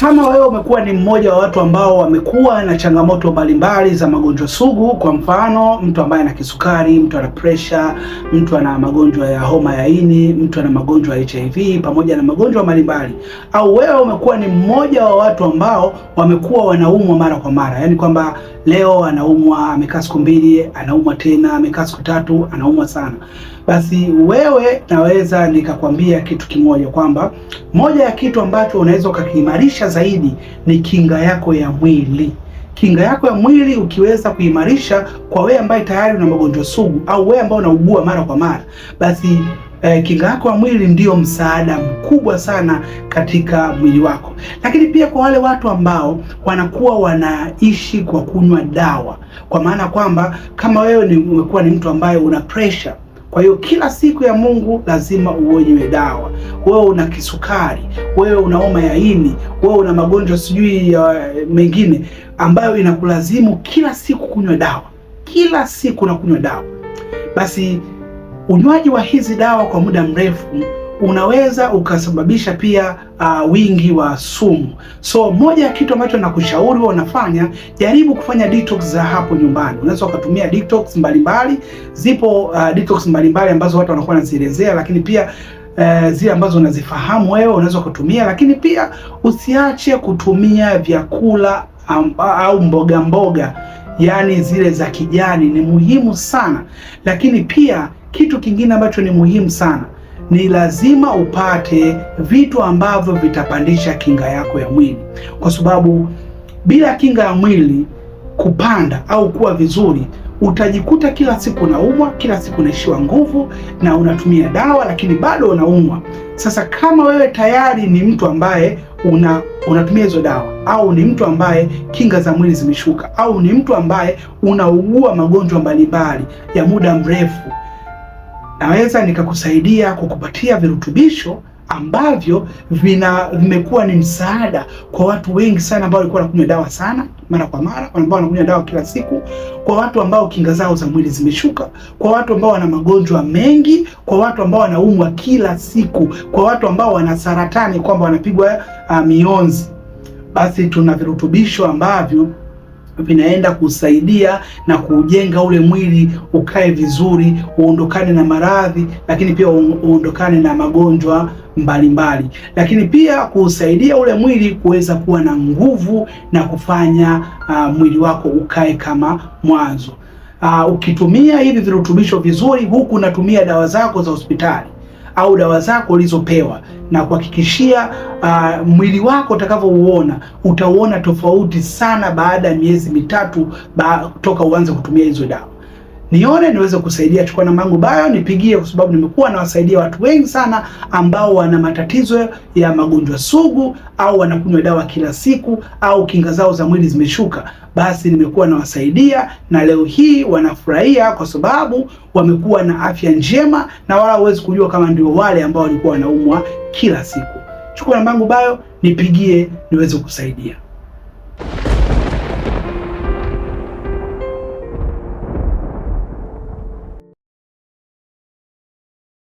Kama wewe umekuwa ni mmoja wa watu ambao wamekuwa na changamoto mbalimbali za magonjwa sugu, kwa mfano mtu ambaye ana kisukari, mtu ana presha, mtu ana magonjwa ya homa ya ini, mtu ana magonjwa ya HIV pamoja na magonjwa mbalimbali, au wewe umekuwa ni mmoja wa watu ambao wamekuwa wanaumwa mara kwa mara, yaani kwamba leo anaumwa, amekaa siku mbili, anaumwa tena, amekaa siku tatu, anaumwa sana, basi wewe naweza nikakwambia kitu kimoja kwamba moja ya kitu ambacho unaweza ukakiimarisha zaidi ni kinga yako ya mwili kinga yako ya mwili ukiweza kuimarisha, kwa wewe ambaye tayari una magonjwa sugu au wewe ambaye unaugua mara kwa mara, basi eh, kinga yako ya mwili ndiyo msaada mkubwa sana katika mwili wako. Lakini pia kwa wale watu ambao wanakuwa wanaishi kwa kunywa dawa, kwa maana kwamba kama wewe ni umekuwa ni mtu ambaye una pressure kwa hiyo kila siku ya Mungu lazima uonywe dawa. Wewe una kisukari, wewe una homa ya ini, wewe una magonjwa sijui ya mengine ambayo inakulazimu kila siku kunywa dawa, kila siku na kunywa dawa, basi Unywaji wa hizi dawa kwa muda mrefu unaweza ukasababisha pia uh, wingi wa sumu. So moja ya kitu ambacho nakushauri wewe unafanya, jaribu kufanya detox za hapo nyumbani. Unaweza ukatumia detox mbalimbali, zipo uh, detox mbalimbali ambazo watu wanakuwa wanazielezea, lakini pia Uh, zile ambazo unazifahamu wewe unaweza kutumia, lakini pia usiache kutumia vyakula amba, au mboga mboga, yaani zile za kijani ni muhimu sana, lakini pia kitu kingine ambacho ni muhimu sana, ni lazima upate vitu ambavyo vitapandisha kinga yako ya mwili, kwa sababu bila kinga ya mwili kupanda au kuwa vizuri utajikuta kila siku unaumwa, kila siku unaishiwa nguvu na unatumia dawa, lakini bado unaumwa. Sasa kama wewe tayari ni mtu ambaye una unatumia hizo dawa au ni mtu ambaye kinga za mwili zimeshuka au ni mtu ambaye unaugua magonjwa mbalimbali ya muda mrefu naweza nikakusaidia kukupatia virutubisho ambavyo vina vimekuwa ni msaada kwa watu wengi sana ambao walikuwa wanakunywa dawa sana mara kwa mara, ambao wanakunywa dawa kila siku, kwa watu ambao kinga zao za mwili zimeshuka, kwa watu ambao wana magonjwa mengi, kwa watu ambao wanaumwa kila siku, kwa watu ambao wana saratani, kwamba wanapigwa uh, mionzi. Basi tuna virutubisho ambavyo vinaenda kusaidia na kujenga ule mwili ukae vizuri, uondokane na maradhi, lakini pia uondokane na magonjwa mbalimbali mbali. Lakini pia kusaidia ule mwili kuweza kuwa na nguvu na kufanya uh, mwili wako ukae kama mwanzo. Uh, ukitumia hivi virutubisho vizuri huku unatumia dawa zako za hospitali au dawa zako ulizopewa na kuhakikishia uh, mwili wako utakavyouona utauona tofauti sana baada ya miezi mitatu ba, toka uanze kutumia hizo dawa nione niweze kusaidia. Chukua namba yangu bayo nipigie, kwa sababu nimekuwa nawasaidia watu wengi sana ambao wana matatizo ya magonjwa sugu au wanakunywa dawa kila siku au kinga zao za mwili zimeshuka. Basi nimekuwa nawasaidia na leo hii wanafurahia kwa sababu wamekuwa na afya njema, na wala huwezi kujua kama ndio wale ambao walikuwa wanaumwa kila siku. Chukua namba yangu bayo nipigie, niweze kusaidia.